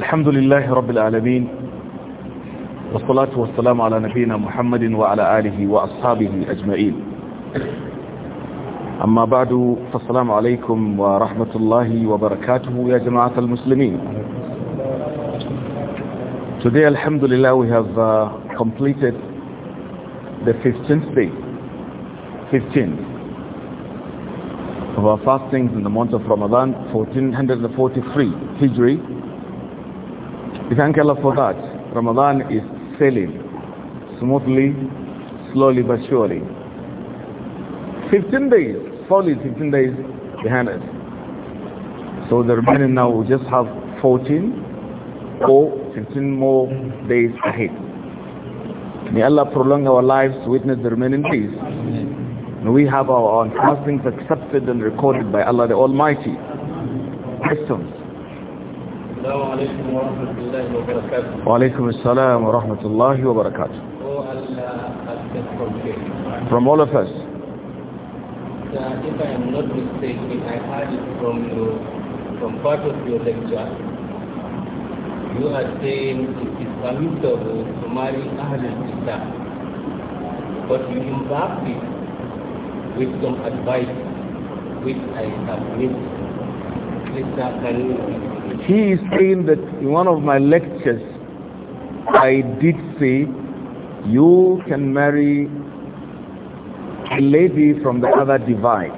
الحمد لله رب العالمين والصلاة والسلام على نبينا محمد وعلى آله وأصحابه أجمعين أما بعد فالسلام عليكم ورحمة الله وبركاته يا جماعة المسلمين Today Alhamdulillah we have uh, completed the 15th day 15th of our fastings in the month of Ramadan 1443 Hijri We thank Allah for that. Ramadan is sailing smoothly, slowly but surely. 15 days, solid 15 days behind us. So the remaining now we just have 14 or 15 more days ahead. May Allah prolong our lives to witness the remaining days. we have our own fastings accepted and recorded by Allah the Almighty. Questions? السلام عليكم ورحمة الله وبركاته وعليكم السلام ورحمة الله وبركاته From all of us uh, If I am not mistaken, I heard it from you from part of your lecture You are saying it is permissible to marry Ahl al-Kitab But you embarked it with some advice which I have missed Please can you he is saying that in one of my lectures I did say you can marry a lady from the other divide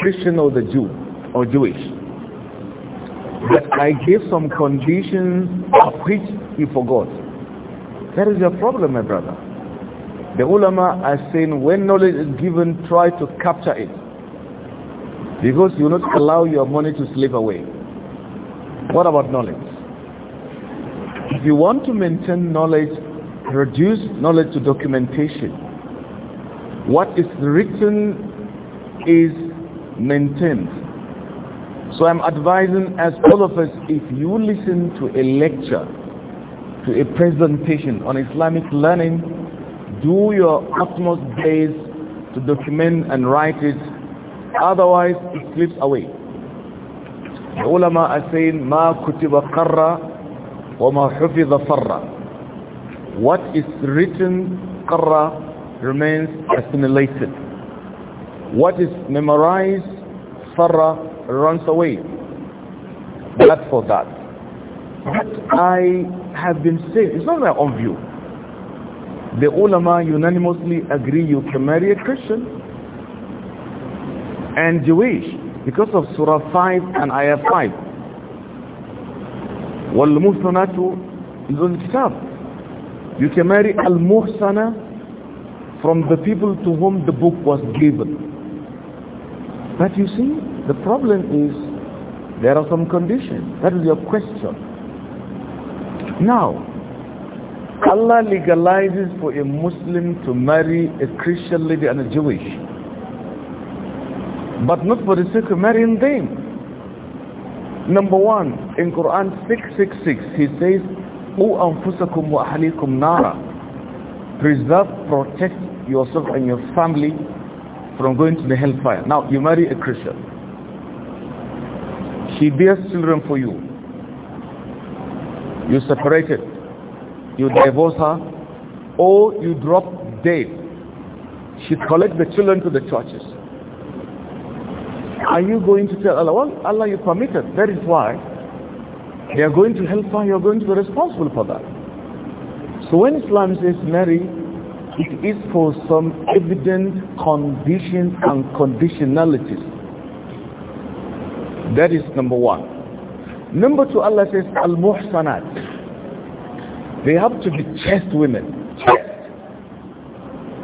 Christian or the Jew or Jewish but I gave some conditions of which he forgot that is your problem my brother the ulama are saying when knowledge is given try to capture it because you will not allow your money to slip away what about knowledge? If you want to maintain knowledge, reduce knowledge to documentation. What is written is maintained. So I'm advising as all of us, if you listen to a lecture, to a presentation on Islamic learning, do your utmost best to document and write it, otherwise it slips away. The ulama are saying, مَا كُتِبَ قَرَّ وَمَا حُفِظَ فَرَّ What is written, قَرَّ, remains assimilated. What is memorized, فَرَّ, runs away. That's for that. What I have been saying, it's not my own view. The ulama unanimously agree you can marry a Christian and Jewish because of surah 5 and ayah 5 والمحصنات الكتاب you can marry al-muhsana from the people to whom the book was given but you see the problem is there are some conditions that is your question now Allah legalizes for a Muslim to marry a Christian lady and a Jewish but not for the sake of marrying them. Number one, in Quran 666, he says, "O أَنفُسَكُمْ ahlīkum nara." Preserve, protect yourself and your family from going to the hellfire. Now, you marry a Christian. She bears children for you. You separated. You divorce her. Or you drop dead. She collects the children to the churches are you going to tell Allah, well, Allah, you permitted, that is why. They are going to her. you are going to be responsible for that. So when Islam says marry, it is for some evident conditions and conditionalities. That is number one. Number two, Allah says, Al-Muhsanat. They have to be chaste women. Chest.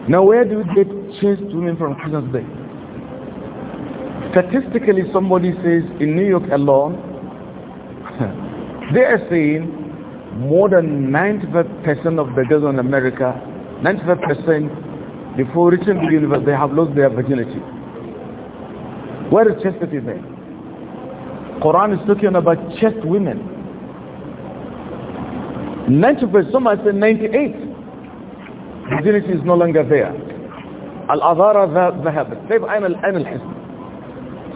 Now where do we get chaste women from Christmas Day? statistically somebody says in New York alone, they are saying more than 95% of the girls in America, 95% before reaching the university, they have lost their virginity. Where is chastity then? Quran is talking about chaste women. 90%, some might say 98. Virginity is no longer there.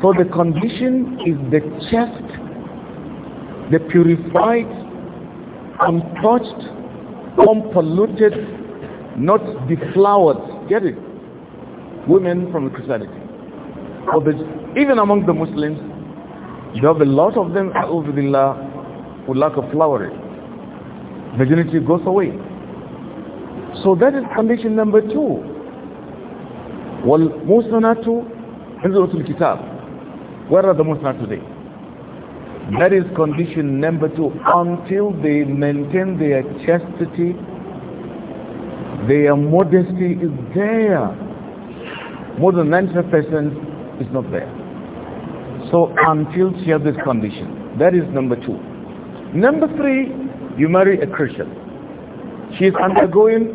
So the condition is the chest, the purified, untouched, unpolluted, not deflowered. Get it? Women from Christianity. Or the, even among the Muslims, you have a lot of them, A'udhulillah, who lack of flowering. Virginity goes away. So that is condition number two. والمسنة انزلت kitab. Where are the Muslims today? That is condition number two. Until they maintain their chastity, their modesty is there. More than 90% is not there. So until she has this condition. That is number two. Number three, you marry a Christian. She is undergoing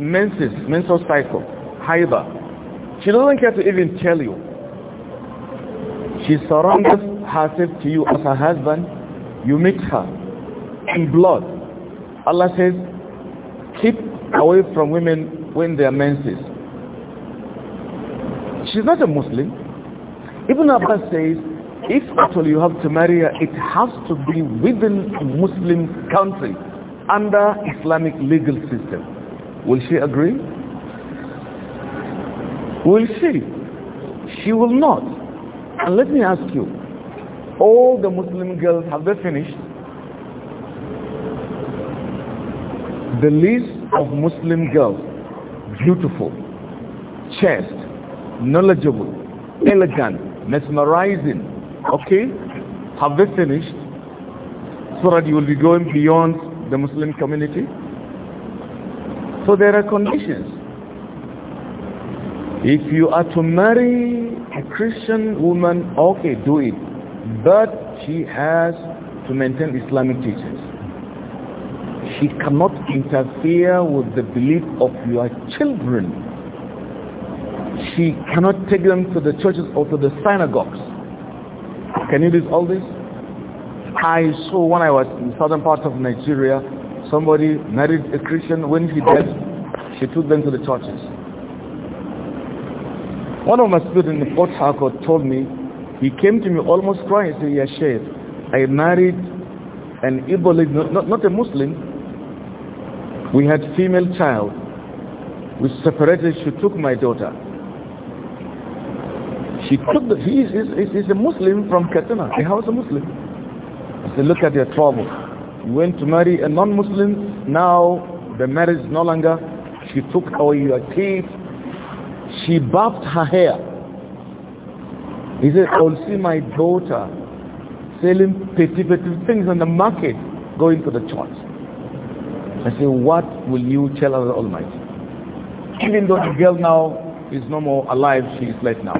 menses, menstrual cycle, haiba. She doesn't care to even tell you she surrenders herself to you as a husband. You meet her in blood. Allah says, keep away from women when they are menses. She's not a Muslim. Ibn Abbas says, if actually you have to marry her, it has to be within a Muslim country under Islamic legal system. Will she agree? Will she? She will not. And let me ask you, all the Muslim girls, have they finished? The list of Muslim girls, beautiful, chaste, knowledgeable, elegant, mesmerizing, okay? Have they finished? So that you will be going beyond the Muslim community? So there are conditions. If you are to marry a Christian woman, okay, do it. But she has to maintain Islamic teachings. She cannot interfere with the belief of your children. She cannot take them to the churches or to the synagogues. Can you do all this? I saw when I was in southern part of Nigeria, somebody married a Christian. When he died, she took them to the churches. One of my students in Port Harcourt told me, he came to me almost crying and said, yes, Sheikh, I married an Igbo not, not a Muslim. We had female child. We separated, she took my daughter. She took the, he is, is, is a Muslim from Katana, a house Muslim. I said, look at your trouble. You went to marry a non-Muslim, now the marriage is no longer. She took away your teeth, she buffed her hair. He said, I'll see my daughter selling petty, petty things on the market going to the church. I said, what will you tell Allah Almighty? Even though the girl now is no more alive, she is left now.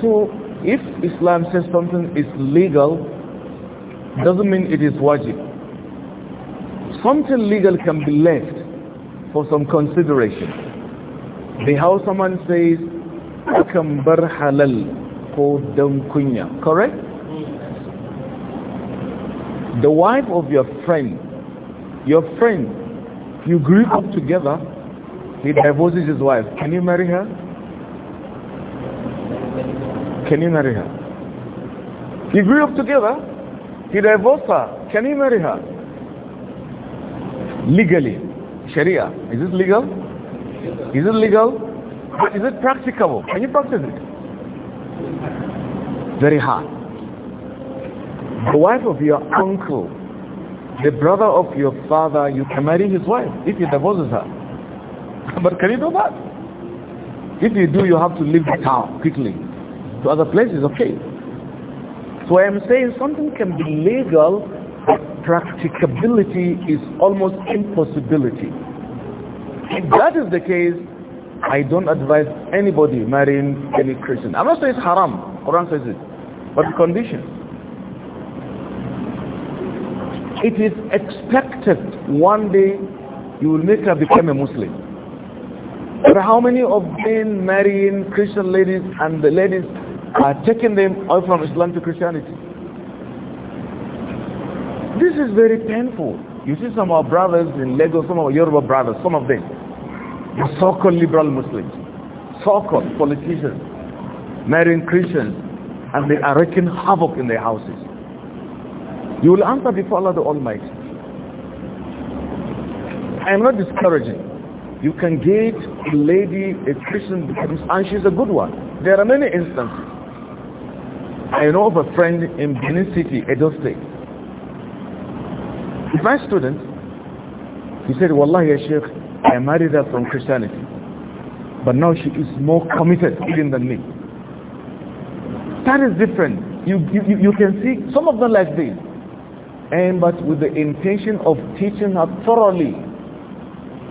So if Islam says something is legal, doesn't mean it is wajib. Something legal can be left for some consideration the someone says akan bar halal ko don kunya correct the wife of your friend your friend you grew up together he divorces his wife can you marry her can you marry her you grew up together he divorced her can you marry her legally sharia is this legal is it legal? Is it practicable? Can you practice it? Very hard. The wife of your uncle, the brother of your father, you can marry his wife if he divorces her. But can you do that? If you do, you have to leave the town quickly to other places, okay. So I am saying something can be legal, but practicability is almost impossibility. If that is the case, I don't advise anybody marrying any Christian. I'm not saying it's haram. Quran says it. But the condition. It is expected one day you will make her become a Muslim. But how many of men marrying Christian ladies and the ladies are taking them out from Islam to Christianity? This is very painful. You see some of our brothers in Lagos, some of our Yoruba brothers, some of them the so-called liberal Muslims, so-called politicians, marrying Christians, and they are wreaking havoc in their houses. You will answer before Allah the Almighty. I am not discouraging. You can get a lady, a Christian, and she's a good one. There are many instances. I know of a friend in Benin City, Edo State. He's my student. He said, Wallahi, Sheikh, I married her from Christianity. But now she is more committed even than me. That is different. You, you, you can see some of them like this. And but with the intention of teaching her thoroughly.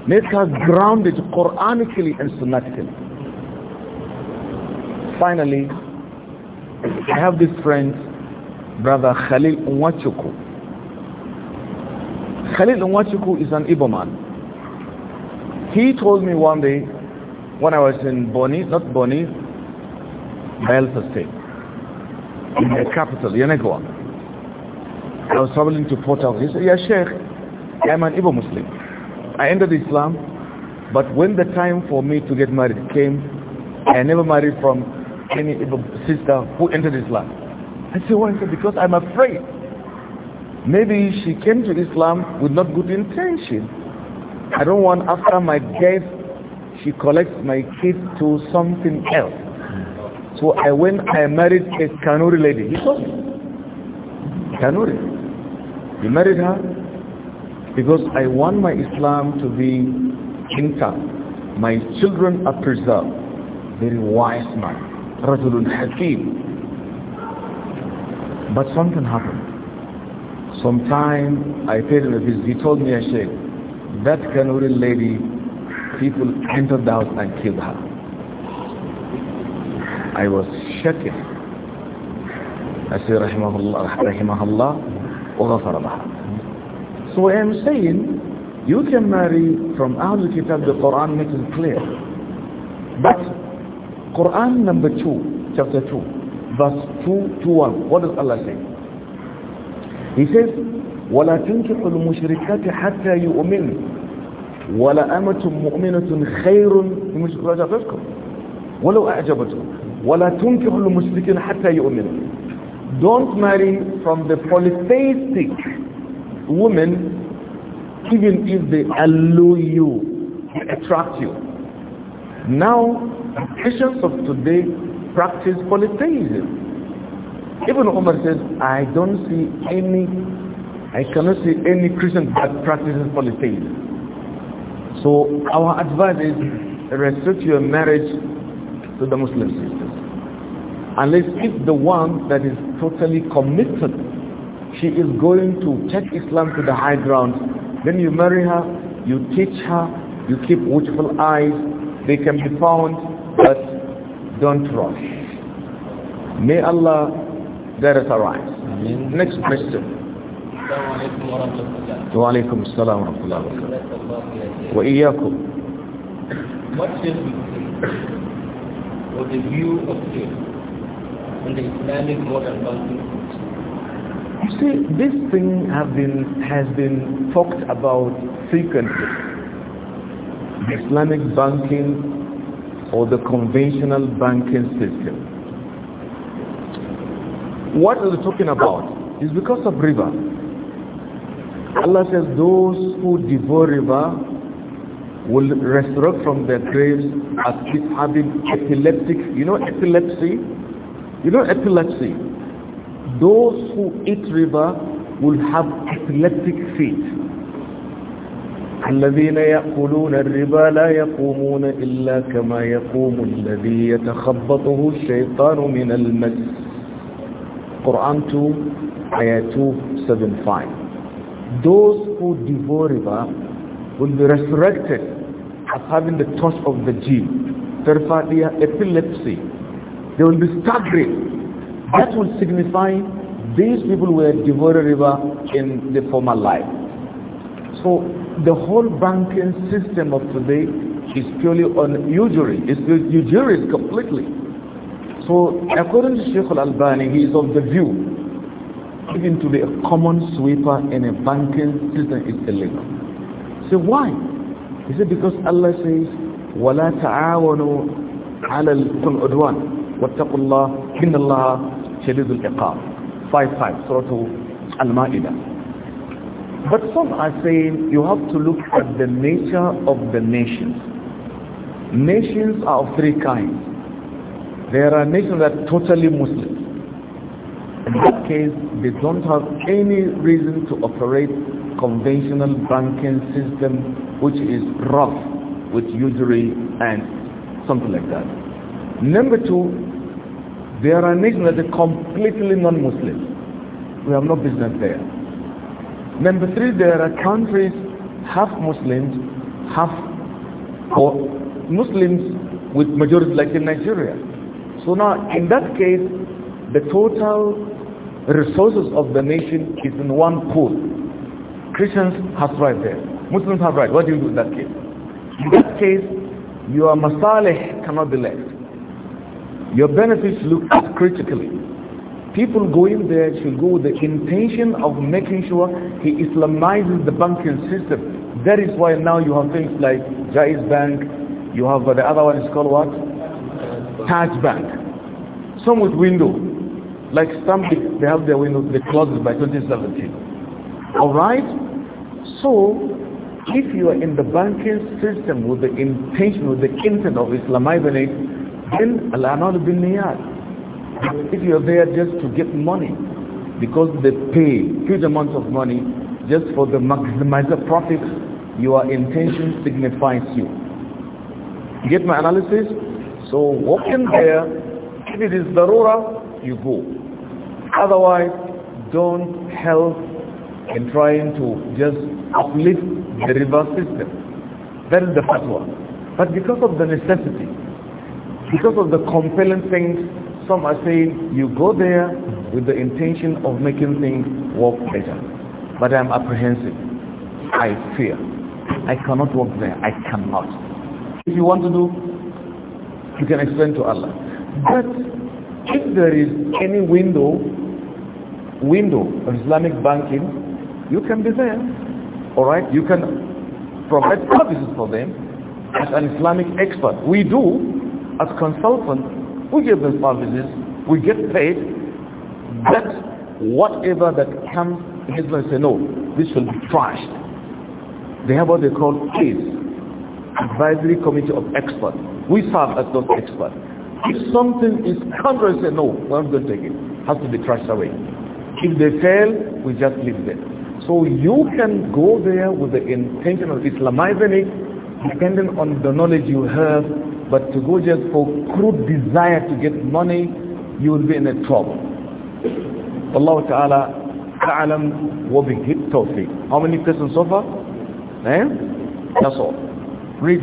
Make her grounded Quranically and Sunnatically. Finally, I have this friend, brother Khalil Unwachuku. Khalil Unwachuku is an Igbo man. He told me one day when I was in Boni, not Boni, Belfast State, in the capital, Yenagoa. I was traveling to Port Harcourt. He said, Yeah, Sheikh, I'm an Igbo Muslim. I entered Islam, but when the time for me to get married came, I never married from any Igbo sister who entered Islam. I said, why? He said, because I'm afraid. Maybe she came to Islam with not good intention. I don't want after my death, she collects my kids to something else. So I went, I married a Kanuri lady. He told me. Kanuri. He married her because I want my Islam to be intact. My children are preserved. Very wise man. Rajulun Hakim. But something happened. Sometime I paid him a visit. He told me, I said, that Kanuri lady, people entered the house and killed her. I was shaking. I said, Rahimahullah, Rahimahullah, وغفر So I am saying, you can marry from Ahlul Kitab, the Quran makes it clear. But Quran number 2, chapter 2, verse 2 to 1, what does Allah say? He says, ولا تنكحوا المشركات حتى يؤمنوا ولا أمة مؤمنة خير من ولو أعجبتكم ولا تنكحوا المشركين حتى يؤمنوا Don't marry from the polytheistic women even if they allure you, attract you. Now, Christians of today practice polytheism. Even Umar says, I don't see any I cannot see any Christian that practices polytheism. So our advice is restrict your marriage to the Muslim sisters. Unless if the one that is totally committed, she is going to take Islam to the high ground, then you marry her, you teach her, you keep watchful eyes, they can be found, but don't rush. May Allah guide us aright. Next question. السلام عليكم ورحمة الله وعليكم السلام الله وبركاته وإياكم the view of the Islamic banking see, this thing have been, has been talked about frequently. Islamic banking or the conventional banking system what are we talking about? It's because of river. Allah says those who devour riba will resurrect from their graves as if having epileptic you know epilepsy you know epilepsy those who eat riba will have epileptic feet الذين يأكلون الربا لا يقومون إلا كما يقوم الذي يتخبطه الشيطان من المجلس Quran 2 Ayah 275 those who devour riba will be resurrected as having the touch of the jinn, terfadia, epilepsy. They will be staggering. That will signify these people were devouring riba in the former life. So the whole banking system of today is purely on usury. It's usury completely. So according to Sheikh Al-Albani, he is of the view even to be a common sweeper in a banking system is illegal. So why? He said because Allah says, وَلَا تَعَاوَنُوا عَلَى الْعُدْوَانِ وَاتَّقُوا اللَّهِ إِنَّ اللَّهَ شَدِيدُ الْإِقَابِ 5-5, Surah Al-Ma'idah. But some are saying you have to look at the nature of the nations. Nations are of three kinds. There are nations that are totally Muslim that case, they don't have any reason to operate conventional banking system which is rough with usury and something like that. Number two, they are a nation that is completely non-Muslim. We have no business there. Number three, there are countries half Muslims, half or Muslims with majority like in Nigeria. So now in that case, the total resources of the nation is in one pool. Christians have right there. Muslims have right. What do you do in that case? In that case, your masalih cannot be left. Your benefits look at critically. People going there should go with the intention of making sure he Islamizes the banking system. That is why now you have things like Jais Bank, you have uh, the other one is called what? Taj Bank. Some with window, like some, they have their windows, they closed by 2017. All right? So, if you are in the banking system with the intention, with the intent of Islamizing then Allah anal bin niyat. If you are there just to get money, because they pay huge amounts of money just for the maximizer profit, your intention signifies you. Get my analysis? So walk in there, if it is darura, you go. Otherwise, don't help in trying to just uplift the river system. That is the first one. But because of the necessity, because of the compelling things, some are saying you go there with the intention of making things work better. But I'm apprehensive. I fear. I cannot work there. I cannot. If you want to do, you can explain to Allah. But if there is any window window of Islamic banking, you can be there. All right, you can provide services for them as an Islamic expert. We do as consultants. We give them services. We get paid. But whatever that comes, Islam say no. This will be trashed. They have what they call ACE, Advisory Committee of Experts. We serve as those experts. If something is contrary, say, no, we're not going to take it. it. Has to be trashed away. If they fail, we just leave them. So you can go there with the intention of Islamizing it, depending on the knowledge you have, but to go just for crude desire to get money, you will be in a trouble. Allah Ta'ala أعلم وبه التوفيق. How many persons so far? Eh? That's all. Read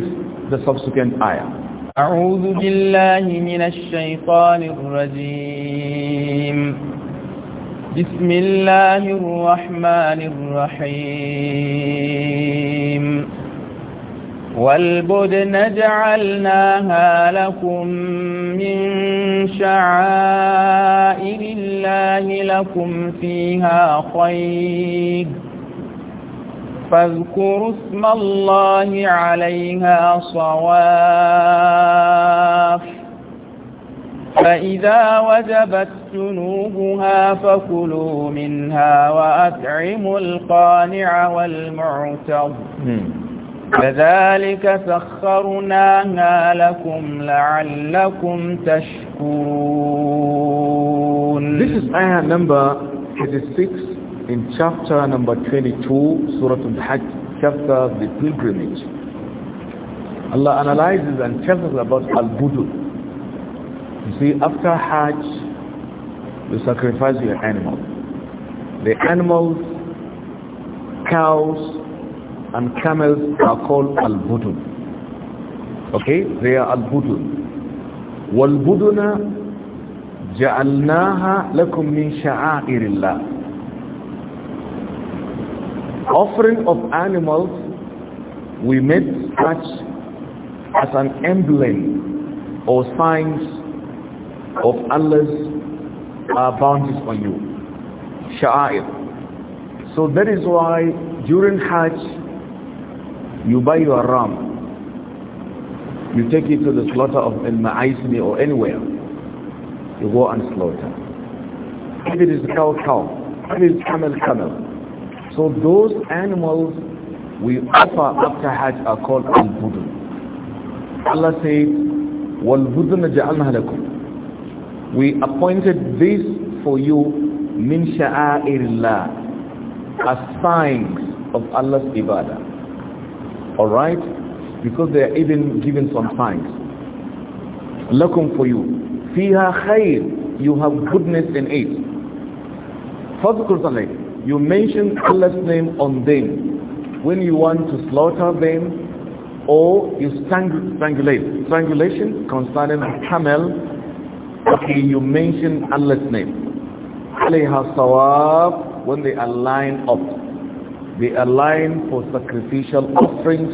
the subsequent ayah. أعوذ بالله من الشيطان الرجيم بسم الله الرحمن الرحيم والبدن جعلناها لكم من شعائر الله لكم فيها خير فاذكروا اسم الله عليها صواف فإذا وجبت جنوبها فكلوا منها وأتعموا القانع والمعتر كذلك سخرناها لكم لعلكم تشكرون This is ayah number 36 in chapter number 22 surah al-hajj chapter the pilgrimage Allah analyzes and tells us about al-budul you see after hajj you sacrifice your animal the animals cows and camels are called al-budul okay they are al-budul wal-buduna ja'alnaha lakum min sha'airillah offering of animals we made such as an emblem or signs of Allah's uh, bounties on you. Sha'air. So that is why during Hajj you buy your ram. You take it to the slaughter of Al-Ma'aismi or anywhere. You go and slaughter. If it is cow, cow. If it is camel, camel. So those animals we offer after Hajj are called al-budun. Allah said, وَالْبُدُنَ جَعَلْنَا لَكُمْ We appointed this for you min sha'airillah as signs of Allah's ibadah. Alright? Because they are even given some signs. لَكُمْ for you. فِيهَا خَيْرٍ You have goodness in it. فَذْكُرْ صَلَيْهِ you mention Allah's name on them when you want to slaughter them or you strangle, strangulate. Strangulation concerning camel, okay, you mention Allah's name. have sawab, when they are lined up. They are lined for sacrificial offerings.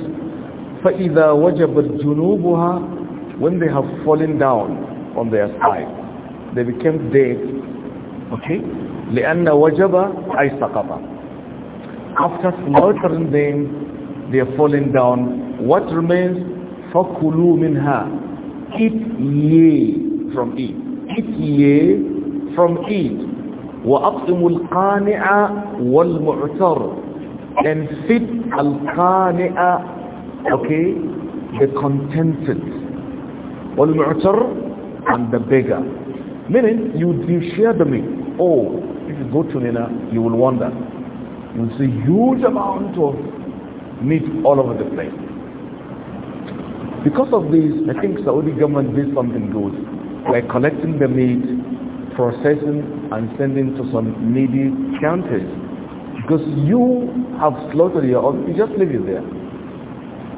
فَإِذَا وَجَبَتْ جُنُوبُهَا When they have fallen down on their side, they became dead. Okay? لأن وجب أي سقط after slaughtering them they are falling down what remains فَكُلُوا مِنْهَا eat ye from it eat ye from it وَأَطْعِمُ الْقَانِعَ وَالْمُعْتَرِ and fit الْقَانِعَ okay the contented وَالْمُعْتَرِ and the beggar meaning you, you share the meat oh you go to Mina, you will wonder. You'll see huge amount of meat all over the place. Because of this, I think Saudi government did something good. By collecting the meat, processing and sending to some needy countries. Because you have slaughtered your own, you just leave it there.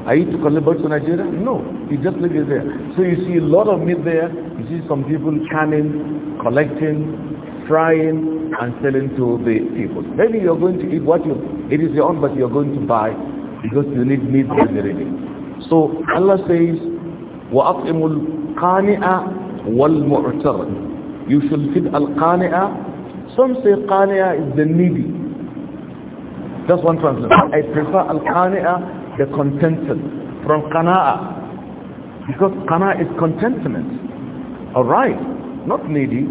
Are you to collect to Nigeria? No, you just leave it there. So you see a lot of meat there. You see some people canning, collecting, frying and selling to the people. Maybe you're going to eat what you, it is your own, but you're going to buy because you need meat every day. So Allah says, وَأَطْعِمُ الْقَانِئَ وَالْمُعْتَرِ You should feed al-qani'a. Some say qani'a is the needy. That's one translation. I prefer al-qani'a, the contented, from qana'a. Because qana'a is contentment. All right not needy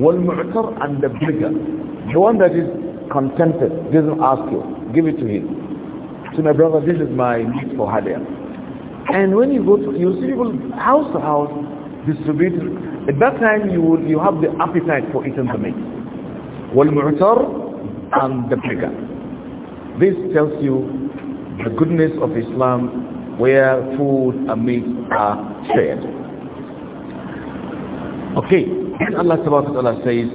والمعتر and the beggar the one that is contented doesn't ask you give it to him to my brother this is my need for hadiyah and when you go to you see people house to house distributing at that time you will you have the appetite for eating the meat والمعتر and the beggar this tells you the goodness of Islam where food and meat are shared Okay, and Allah Ta'ala says,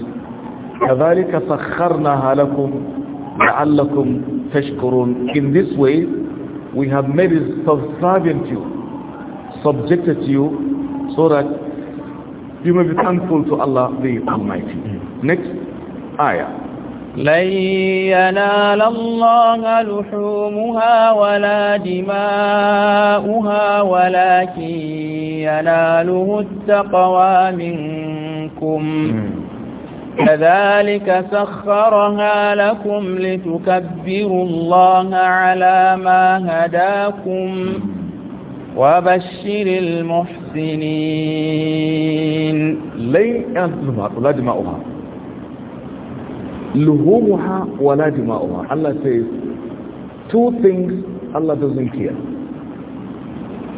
كَذَلِكَ سَخَّرْنَهَا لَكُمْ لَعَلَّكُمْ تَشْكُرُونَ In this way, we have made it subservient to you, subjected to you, so that you may be thankful to Allah the Almighty. Next ayah. لن ينال الله لحومها ولا دماؤها ولكن يناله التقوى منكم كذلك سخرها لكم لتكبروا الله على ما هداكم وبشر المحسنين لن ينال الله لحومها ولا دماؤها luhumuha wala dima'uha Allah says two things Allah doesn't care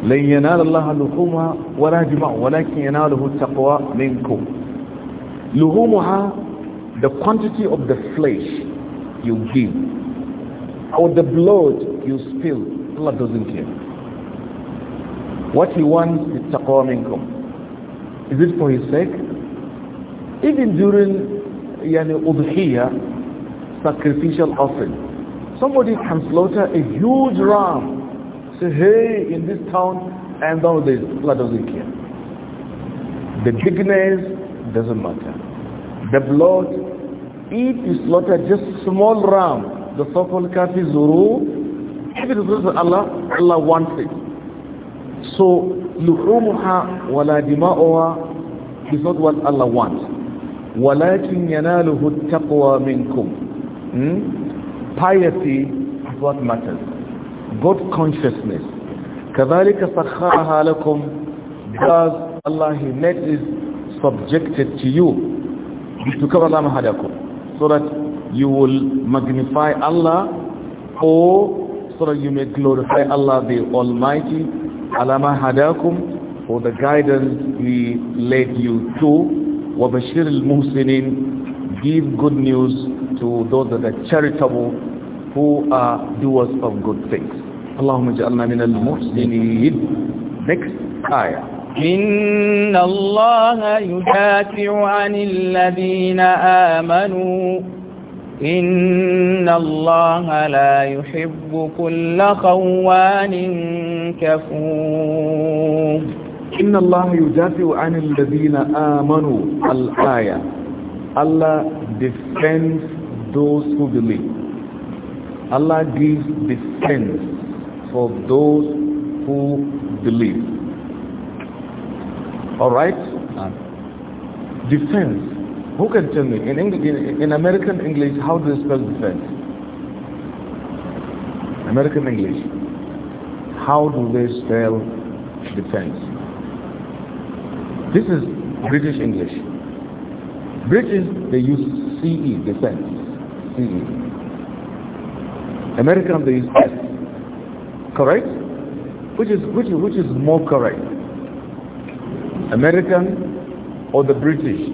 لن ينال الله لحومها ولا دماء ولكن يناله التقوى منكم لحومها the quantity of the flesh you give or the blood you spill Allah doesn't care what he wants is taqwa minkum is it for his sake even during yani, udhiyah, sacrificial offering. Somebody can slaughter a huge ram. Say, hey, in this town, and all the Allah doesn't care. The bigness doesn't matter. The blood, if you slaughter just small ram, the so-called kafi zuru, if it is not Allah, Allah wants it. So, luhumuha wala dima'uha is not what Allah wants. وَلَكِنْ taqwa التَّقْوَى مِنْكُمْ hmm? Piety is what matters. God consciousness. كَذَلِكَ سَخَّرَهَا لَكُمْ Because Allah He made subjected to you. So that you will magnify Allah or so that you may glorify Allah the Almighty. Alama hadakum for the guidance He led you to. وبشر المحسنين give good news to those that are charitable who are doers of good things اللهم اجعلنا من المحسنين next آية إن الله يدافع عن الذين آمنوا إن الله لا يحب كل خوان كفور إن الله يدافع عن الذين آمنوا الآية Allah defends those who believe Allah gives defense for those who believe alright defense who can tell me in, English, in, in American English how do you spell defense American English how do they spell defense This is British English. British, they use CE, they say CE. American, they use S. Correct? Which is, which, is, which is more correct? American or the British?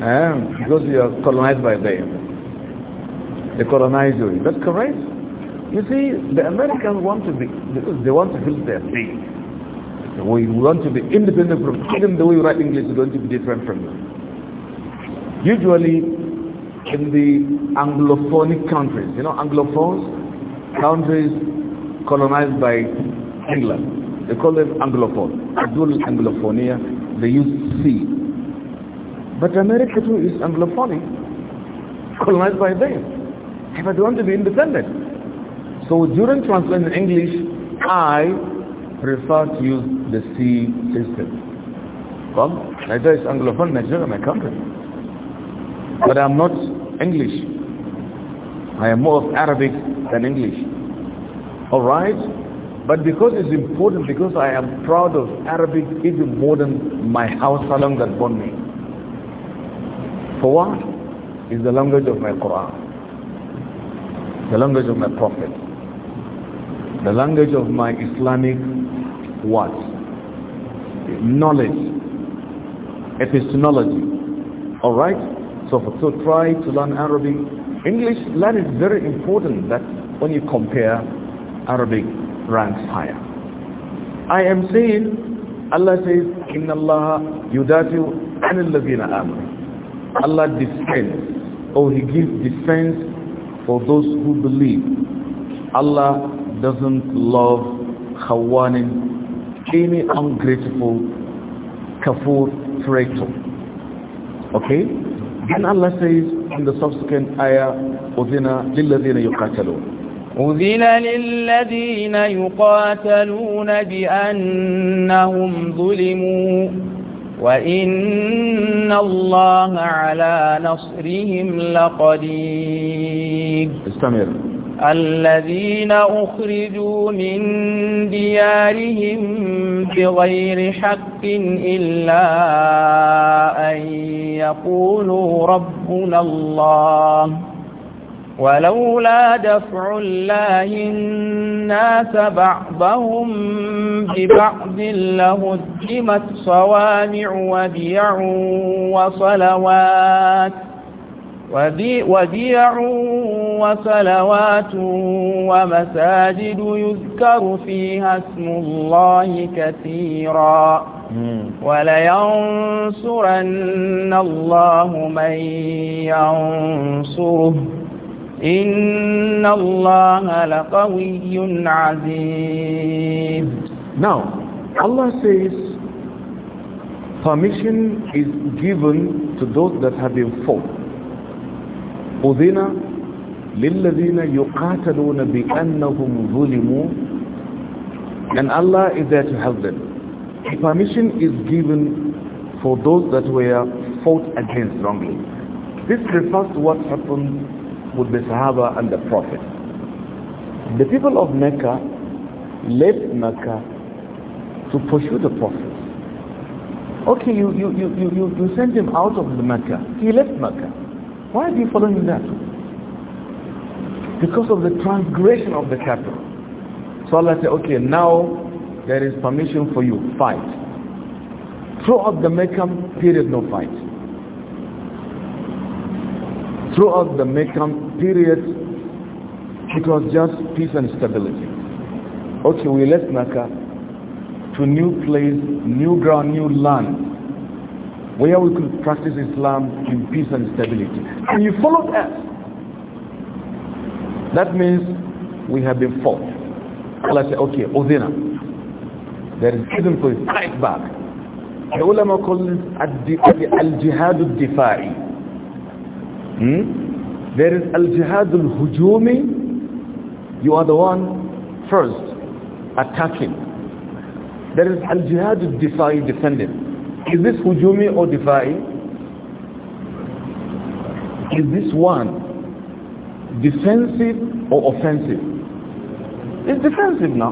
Um, because you are colonized by them. They colonize you. That's correct. You see, the Americans want to be, they want to build their base. We want to be independent from even the way you write English, is want to be different from them. Usually in the Anglophonic countries, you know, Anglophones, countries colonized by England. They call them Anglophone. Adul Anglophonia, they use C. But America too is Anglophonic, colonized by them. But they want to be independent. So during translating English, I prefer to use the C system. Well, neither is Anglophone, Nigeria, my country. But I'm not English. I am more of Arabic than English. All right? But because it's important, because I am proud of Arabic even more than my house along that bond me. For what? Is the language of my Quran. The language of my Prophet the language of my Islamic what? Knowledge, epistemology. All right? So, so try to learn Arabic. English, that is very important that when you compare Arabic ranks higher. I am saying, Allah says, inna Allah يُدَافِعُ عَنِ الَّذِينَ آمَنُوا Allah defends, or He gives defense for those who believe. Allah doesn't love Hawanin, any ungrateful kafur traitor. Okay? And Allah says in the subsequent ayah, أُذِنَ لِلَّذِينَ يُقَاتَلُونَ أذن للذين يقاتلون بأنهم wa وإن الله على نصرهم لقدير استمر الذين أخرجوا من ديارهم بغير حق إلا أن يقولوا ربنا الله ولولا دفع الله الناس بعضهم ببعض لهدمت صوامع وبيع وصلوات وديع وصلوات ومساجد يذكر فيها اسم الله كثيرا ولينصرن الله من ينصره إن الله لقوي عزيز Now, Allah says, permission is given to those that have been fought. أذن للذين يقاتلون بأنهم ظلموا and Allah is there to help them. Permission is given for those that were fought against wrongly. This refers to what happened with the Sahaba and the Prophet. The people of Mecca left Mecca to pursue the Prophet. Okay, you, you, you, you, you sent him out of Mecca. He left Mecca. Why are you following that? Because of the transgression of the capital. So Allah said, okay, now there is permission for you. Fight. Throughout the Mecca period, no fight. Throughout the Mecca period, it was just peace and stability. Okay, we left Mecca to new place, new ground, new land where we could practice Islam in peace and stability. And you followed us. That means we have been fought. Allah said, okay, Uzina. There is even for it, fight back. The ulama call this al-jihad al-difa'i. Hmm? There is al-jihad al-hujumi. You are the one first attacking. There is al-jihad al-difa'i defending. Is this hujumi or defying? Is this one defensive or offensive? It's defensive now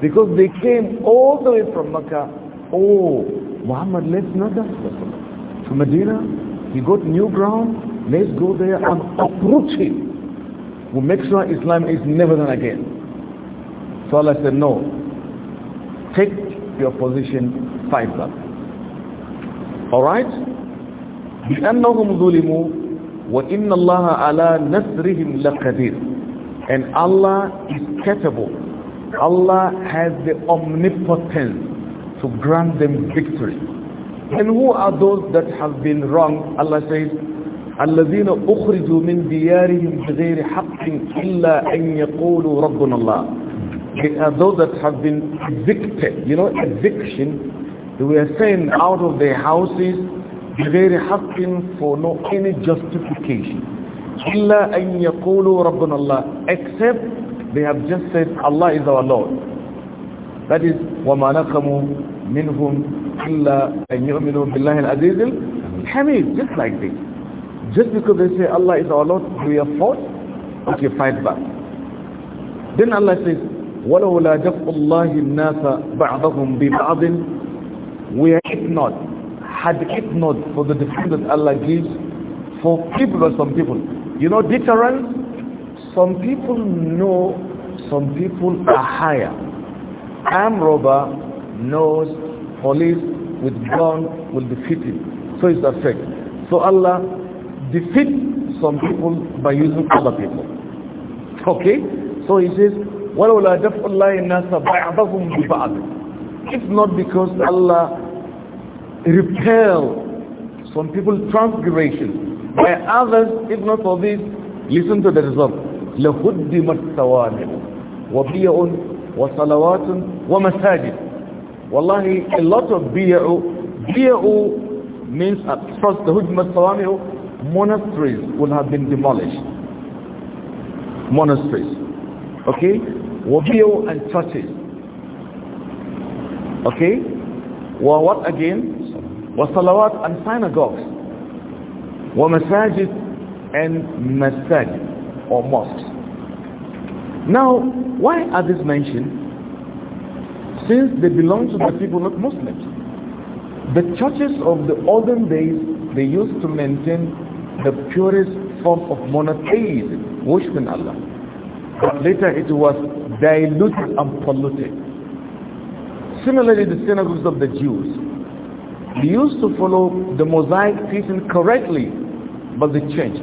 because they came all the way from Mecca. Oh, Muhammad left that. to Medina. He got new ground. Let's go there and uproot him. We'll make sure Islam is never done again. So Allah said, no. Take your position, fight back. alright بأنهم ظلموا وإن الله على نصرهم لقدير and Allah is capable Allah has the omnipotence to grant them victory and who are those that have been wrong Allah says الذين أخرجوا من ديارهم بغير حق إلا أن يقولوا ربنا الله They are those that have been evicted you know eviction They were sent out of their houses بغير asking for no any justification. except they have just said Allah is our Lord. That is وما نقموا منهم إلا أن يؤمنوا بالله العزيز Hamid just like this. Just because they say Allah is our Lord, we are forced, okay, fight back. Then Allah says, وَلَوْلَا جَفْءُ اللَّهِ النَّاسَ بَعْضَهُمْ بِبَعْضٍ were it not, had it not for the defense that Allah gives for people or some people. You know deterrence? Some people know, some people are higher. Arm robber knows police with gun will defeat him. So it's a fact. So Allah defeat some people by using other people. Okay? So he says, وَلَوْلَا دَفْءُ اللَّهِ النَّاسَ بَعْضَهُمْ بِبَعْضٍ It's not because Allah repel some people transgression by others if not for this listen to the result لهدمت صوامع وبيع وصلوات ومساجد Wallahi, a lot of بيع بيع means at uh, first the هدمت صوامع monasteries will have been demolished monasteries okay وبيع and churches okay well what again وصلوات and synagogues ومساجد and masjid or mosques now why are these mentioned since they belong to the people not Muslims the churches of the olden days they used to maintain the purest form of monotheism worshiping Allah but later it was diluted and polluted similarly the synagogues of the Jews they used to follow the Mosaic teaching correctly, but they changed.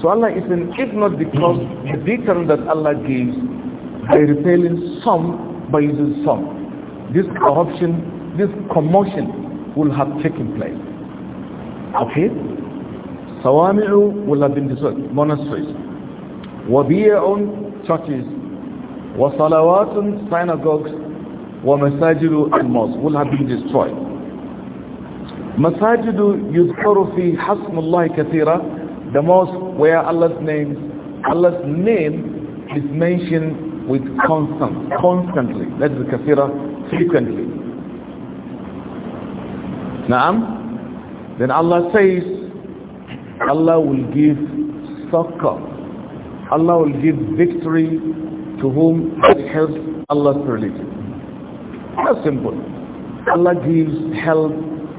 So Allah is if not because the deterrent that Allah gives by repelling some, by using some. This corruption, this commotion will have taken place. Okay? Sawami'u will have been destroyed, monasteries. Wabi'un, churches. Wasalawatun, synagogues. Wa masajidu and mosques will have been destroyed. Masajidu yuzkaru fi hasmullahi kathira, the mosque where Allah's name, Allah's name is mentioned with constant, constantly. That is kathira, frequently. Naam? Then Allah says, Allah will give succor. Allah will give victory to whom it helps Allah's religion. That's simple. Allah gives help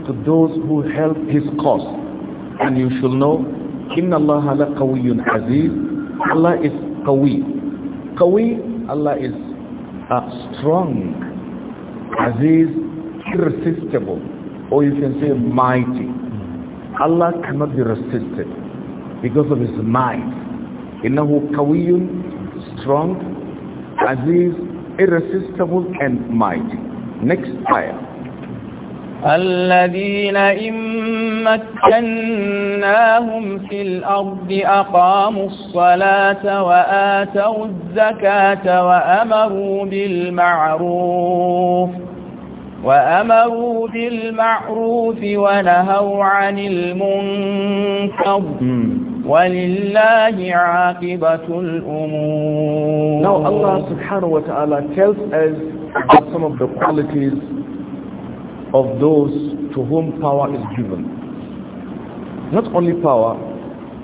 to those who help his cause. And you shall know, إِنَّ اللَّهَ لَقَوِيٌّ عَزِيزٌ Allah is Qawi. Qawi, Allah is uh, strong. Aziz, irresistible. Or you can say mighty. Allah cannot be resisted because of his might. إِنَّهُ قَوِيٌّ strong, Aziz, irresistible and mighty. Next ayah. الذين إن مكناهم في الأرض أقاموا الصلاة وآتوا الزكاة وأمروا بالمعروف وأمروا بالمعروف ونهوا عن المنكر ولله عاقبة الأمور Now Allah subhanahu wa ta'ala tells us some of the qualities of those to whom power is given. Not only power,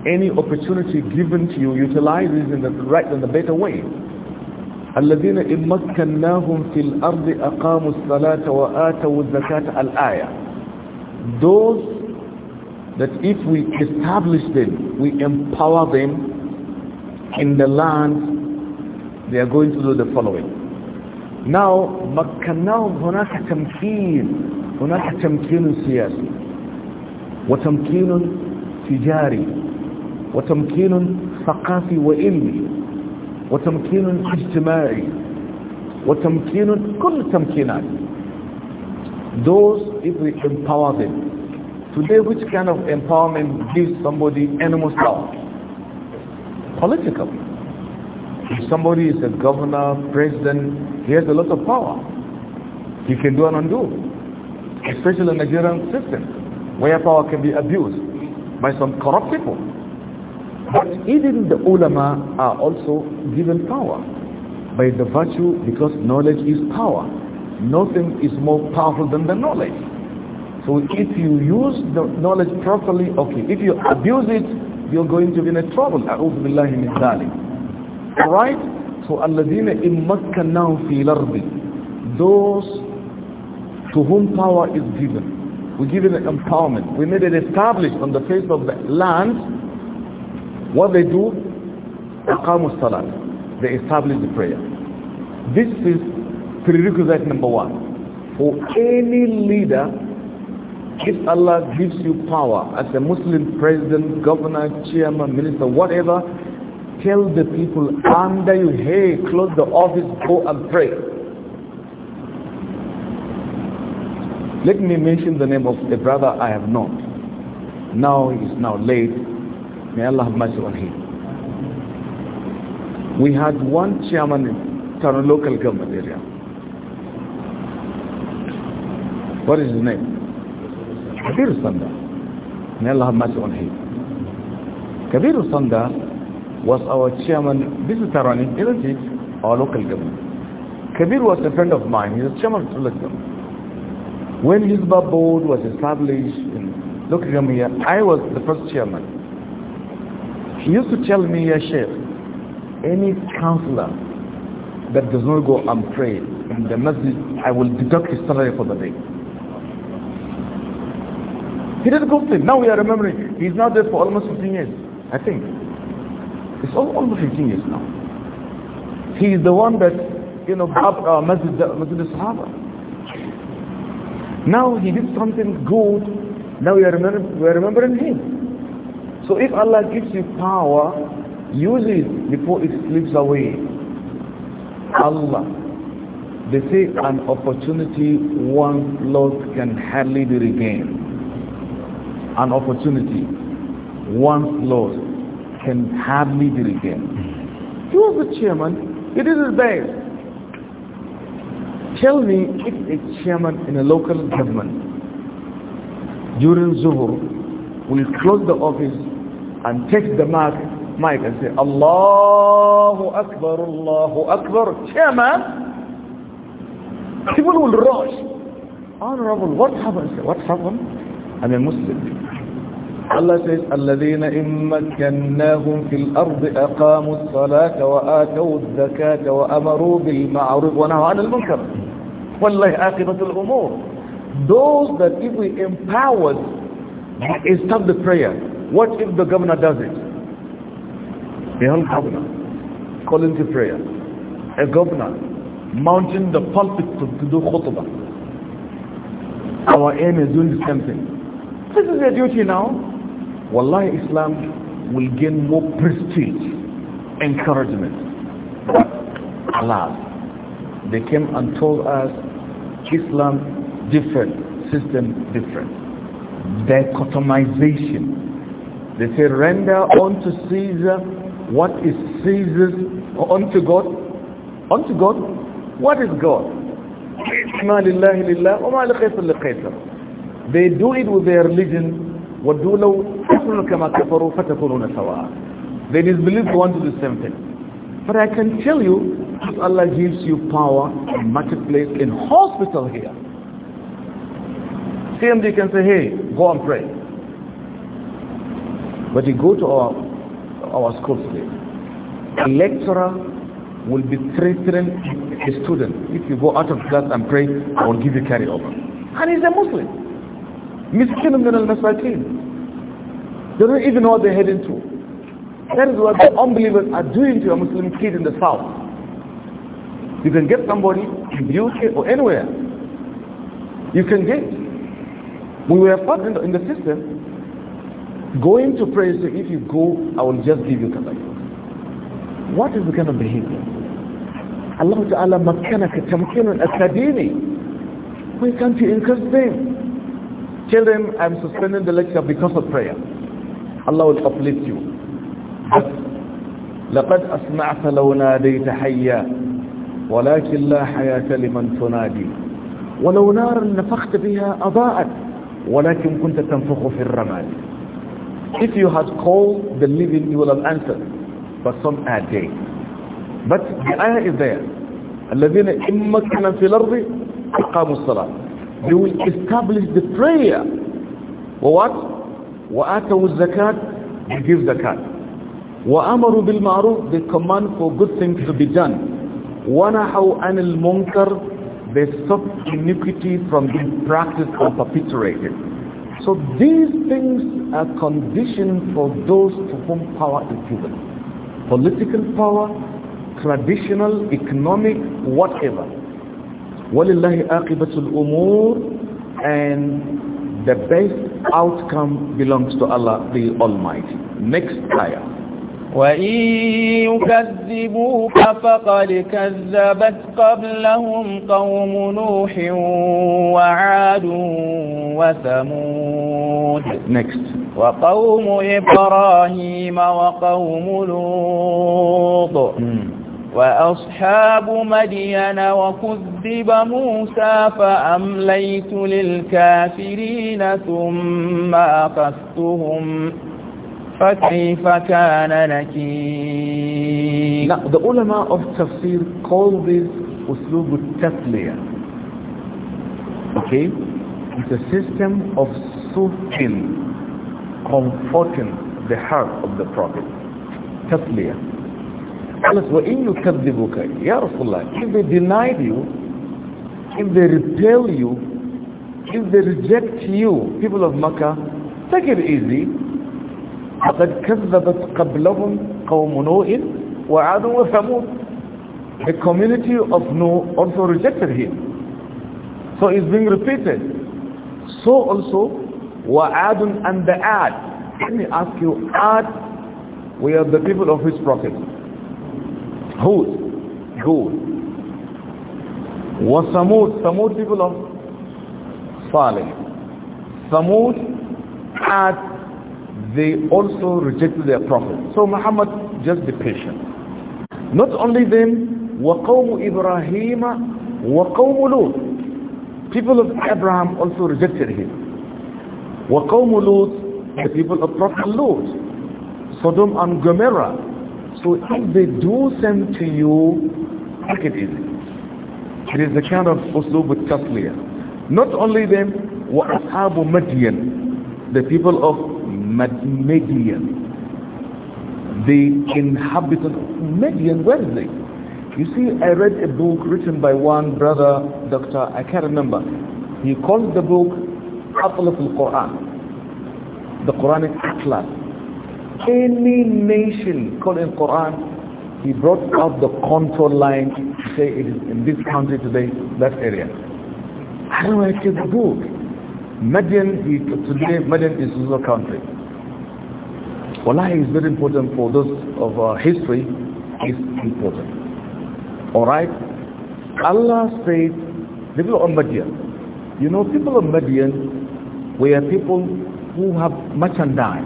any opportunity given to you, utilizes in the right and the better way. الذين إن مكناهم في الأرض أقاموا الصلاة وآتوا الزكاة الآية Those that if we establish them, we empower them in the land, they are going to do the following. Now, مكناهم هناك تمكين هناك تمكين سياسي وتمكين تجاري وتمكين ثقافي وعلمي وتمكين اجتماعي وتمكين كل التمكينات those if we empower them today which kind of empowerment gives somebody enormous power political if somebody is a governor president he has a lot of power he can do and undo especially in the Nigerian system, where power can be abused by some corrupt people. But even the ulama are also given power by the virtue because knowledge is power. Nothing is more powerful than the knowledge. So if you use the knowledge properly, okay. If you abuse it, you're going to be in a trouble. أعوذ بالله من ذلك. Alright? So الذين إن مكناهم في الأرض those to whom power is given. We give it an empowerment. We made it established on the face of the land. What they do, أقاموا They establish the prayer. This is prerequisite number one. For any leader, if Allah gives you power as a Muslim president, governor, chairman, minister, whatever, tell the people under you, hey, close the office, go and pray. Let me mention the name of a brother I have known. Now he is now late. May Allah have mercy on him. We had one chairman in our local government area. What is his name? Kabir Sanda. May Allah have mercy on him. Kabir Sanda was our chairman. This is Tarani, isn't it? Our local government. Kabir was a friend of mine. He was chairman of the local government. When Hizbah board was established in Lokrigamia, I was the first chairman. He used to tell me, Sheikh, any counselor that does not go and pray in the masjid, I will deduct his salary for the day. He did a good thing. Now we are remembering. He's not there for almost 15 years, I think. It's almost 15 years now. He is the one that, you know, brought our masjid, masjid Sahaba. Now he did something good. Now we are, remember, we are remembering him. So if Allah gives you power, use it before it slips away. Allah. They say an opportunity once lost can hardly be regained. An opportunity once lost can hardly be regained. He was the chairman. It is his best. Tell me if a chairman in a local government during Zuhur will close the office and take the mic, mic and say, Allahu Akbar, Allahu Akbar, chairman, people will rush. Honorable, what happened? What happened? I'm a Muslim. Allah says الذين إن مكناهم في الأرض أقاموا الصلاة وآتوا الزكاة وأمروا بالمعروف ونهوا عن المنكر Those that if we empowered, is stop the prayer. What if the governor does it? The governor calling to prayer. A governor mounting the pulpit to, to do khutbah. Our aim is doing the same thing. This is a duty now. Wallahi Islam will gain more prestige, encouragement. Allah. they came and told us Islam, different. System, different. Dichotomization. They say, render unto Caesar what is Caesar's, or unto God. Unto God, what is God? They do it with their religion. They disbelieve, they to the same thing. But I can tell you, if Allah gives you power in marketplace, in hospital here. CMD can say, hey, go and pray. But you go to our, our school today. A lecturer will be threatening a student. If you go out of class and pray, I will give you carry over. And he's a Muslim. Miskin min al-masakin. They don't even know what they're heading to. That is what the unbelievers are doing to a Muslim kid in the south. You can get somebody in the UK or anywhere. You can get. We were part in the, in the system going to pray say, if you go, I will just give you kabbalah. What is the kind of behavior? Allah Ta'ala makanaka tamkinun akadini. Why can't you encourage them? Tell them I'm suspending the lecture because of prayer. Allah will uplift you. لقد أسمعت لو ناديت حيا ولكن لا حياة لمن تنادي ولو نارا نفخت بها أضاءت ولكن كنت تنفخ في الرماد If you had called the living, you will have answered. But some are dead. But the ayah is there. الذين إما كنا في الأرض أقاموا الصلاة. They will establish the prayer. What? وآتوا الزكاة They give zakat. وأمروا بالمعروف They command for good things to be done. ونحوا عن المنكر they stop iniquity from being practiced or perpetrated. So these things are conditioned for those to whom power is given. Political power, traditional, economic, whatever. وَلِلَّهِ أَقِبَةُ الْأُمُورِ And the best outcome belongs to Allah the Almighty. Next ayah. وإن يكذبوك فقد كذبت قبلهم قوم نوح وعاد وثمود Next. وقوم إبراهيم وقوم لوط hmm. وأصحاب مدين وكذب موسى فأمليت للكافرين ثم أخذتهم فكيف كان نكير Now the ulama of tafsir call this uslub al Okay? It's a system of soothing, comforting the heart of the Prophet tasliyah قالت وإن يكذبك يا رسول الله if they denied you if they repel you if they reject you people of Makkah take it easy فقد كذبت قبلهم قوم نوح وعاد وثمود the community of Noah also rejected him so it's being repeated so also وعاد and the Ad let me ask you Ad are the people of his prophet Hud Was وثمود ثمود people of Saleh ثمود Ad they also rejected their prophet. So Muhammad, just be patient. Not only them, وَقَوْمُ إِبْرَاهِيمَ وَقَوْمُ لُوتٍ People of Abraham also rejected him. وَقَوْمُ لُوتٍ The people of Prophet Lut, Sodom and Gomorrah. So if they do send to you, take it easy. It is the kind of uslub with tasliya. Not only them, وَأَصْحَابُ مَدْيَنَ The people of Median. The inhabitant of Median, where is they? You see, I read a book written by one brother, doctor, I can't remember. He called the book Atlas al-Quran, the Quranic Atlas. Any nation calling Quran, he brought out the contour line to say it is in this country today, that area. I don't know, the book. Median, he, today Median is another country. Wallahi is very important for those of our uh, history. It's important. Alright? Allah said, people of Madian. You know, people of Madian were people who have merchandise.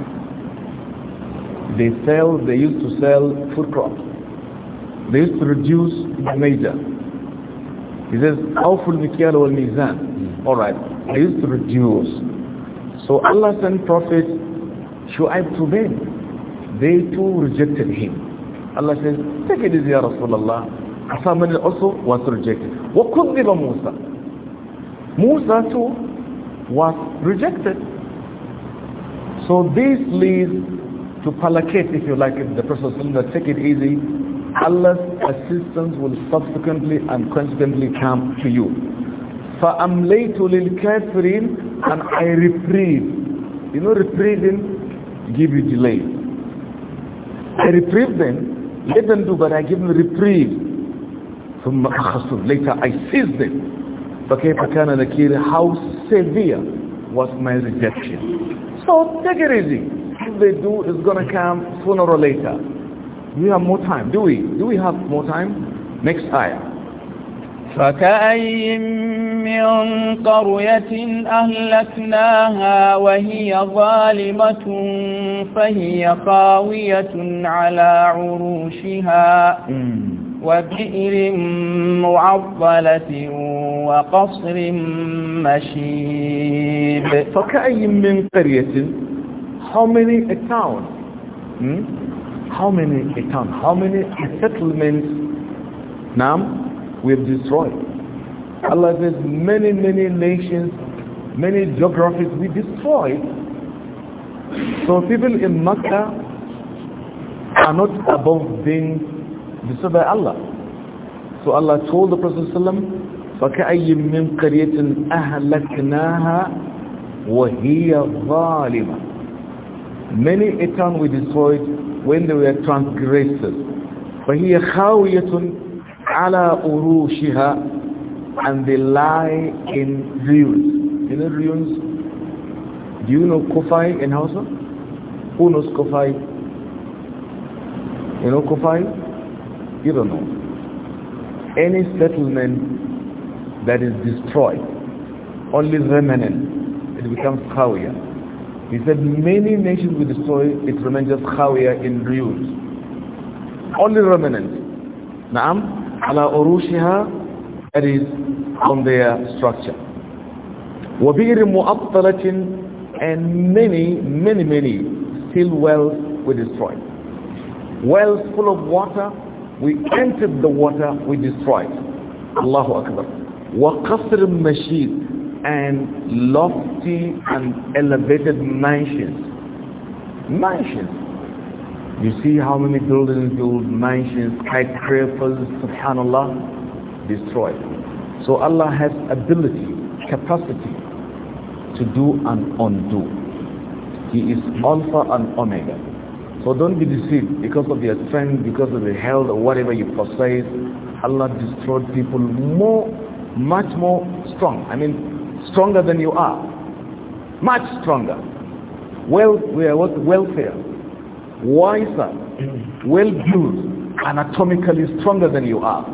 They sell, they used to sell food crops. They used to reduce the major. He says, Awful Mikyal wal Mizan. Alright, they used to reduce. So Allah sent prophets Shu'aib to them. They too rejected him. Allah says, take it easy, Ya Rasulullah. Asaman also was rejected. What could وَكُذِّبَ Musa. Musa too was rejected. So this leads to palakate, if you like, if the Prophet take it easy, Allah's assistance will subsequently and consequently come to you. فَأَمْلَيْتُ لِلْكَافِرِينَ And I reprieve. You know reprieving give you delay. I reprieve them, let them do, but I give them reprieve. ثم أخصر, later I seize them. فكيف كان نكير how severe was my rejection. So take it easy. If they do, it's going to come sooner or later. We have more time, do we? Do we have more time? Next ayah. فكأي من قرية أهلكناها وهي ظالمة فهي خاوية على عروشها وبئر معضلة وقصر مشيب فكأي من قرية how many a town hmm? how many a town how many a settlement نعم we have destroyed. Allah says many, many nations, many geographies we destroyed. So people in Makkah are not above being disobeyed by Allah. So Allah told the Prophet فَكَأَيِّمْ مِنْ قَرْيَةٍ أَهْلَكْنَاهَا وَهِيَ ظَالِمَةً Many a time we destroyed when they were transgressors. فَهِيَ خَاوِيَةٌ ala urushiha and they lie in ruins you know ruins do you know kufai in Hausa who knows kufai you know kufai you don't know any settlement that is destroyed only remnant it becomes khawiyah he said many nations will destroy it remains just khawiyah in ruins only remnant Naam. على أروشها that is on their structure وبئر مؤطلة and many many many still wells were destroyed wells full of water we entered the water we destroyed الله أكبر وقصر مشيد and lofty and elevated mansions mansions You see how many buildings, build mansions, skyscrapers, subhanallah, destroyed. So Allah has ability, capacity to do and undo. He is Alpha and Omega. So don't be deceived because of your strength, because of the health or whatever you possess. Allah destroyed people more, much more strong. I mean, stronger than you are. Much stronger. Well, we are what welfare wiser, well-built, anatomically stronger than you are.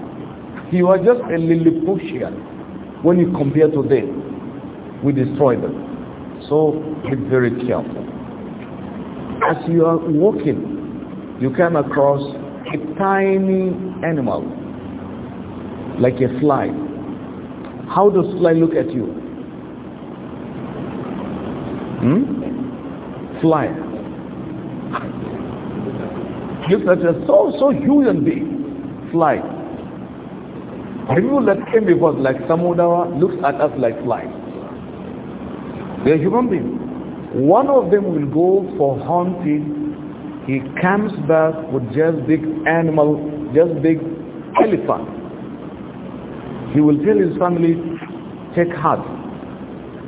You are just a Lilliputian when you compare to them. We destroy them. So be very careful. As you are walking, you come across a tiny animal, like a fly. How does fly look at you? Hmm? Fly looks at a so so human being fly people that came before like samudawa looks at us like flies they are human beings one of them will go for hunting he comes back with just big animal just big elephant he will tell his family take heart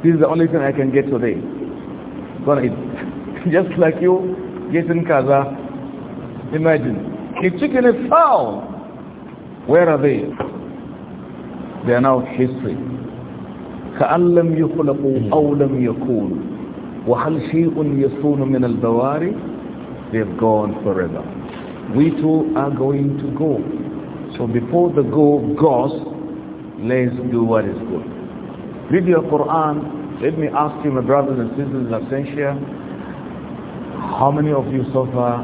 this is the only thing i can get today gonna eat just like you getting kaza Imagine. If chicken is fowl where are they? They are now history. كأن لم يخلقوا أو لم يكونوا وهل شيء يصون من البواري They've gone forever. We too are going to go. So before the go goes, let's do what is good. Read your Quran. Let me ask you, my brothers and sisters in absentia, how many of you so far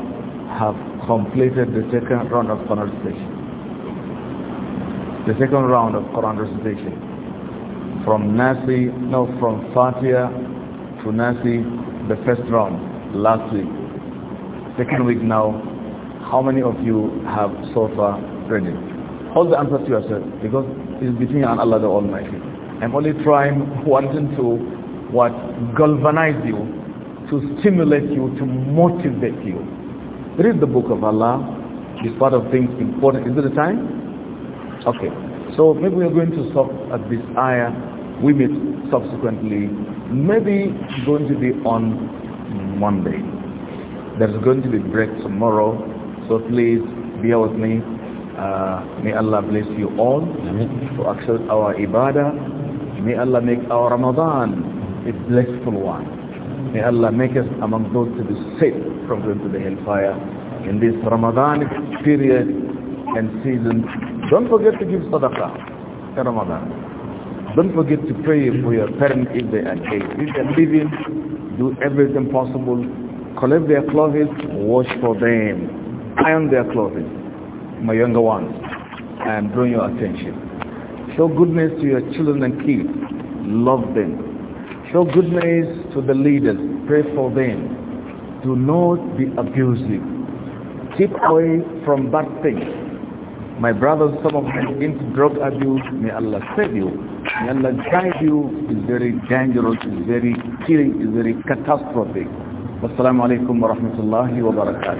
have completed the second round of Quran recitation. The second round of Quran recitation. From Nasi, no, from Fatiha to Nasi, the first round, last week. Second week now, how many of you have so far read it? Hold the answer to yourself, because it's between you and Allah the Almighty. I'm only trying, wanting to what galvanize you, to stimulate you, to motivate you. Read the book of Allah. It's part of things important. Is it the time? Okay. So maybe we are going to stop at this ayah. We meet subsequently. Maybe it's going to be on Monday. There's going to be break tomorrow. So please bear with me. Uh, may Allah bless you all Amen. to accept our ibadah. May Allah make our Ramadan a blissful one. May Allah make us among those to be saved from going to the hellfire in this Ramadan period and season. Don't forget to give sadaqah in Ramadan. Don't forget to pray for your parents if they are dead. If they are living, do everything possible. Collect their clothes, wash for them, iron their clothes. My younger ones, I am drawing your attention. Show goodness to your children and kids. Love them. Show goodness to the leaders. Pray for them do not be abusive. Keep away from bad things. My brothers, some of them into drug abuse, may Allah save you. May Allah guide you. It's very dangerous, it's very killing, it's very catastrophic. Wassalamu alaikum wa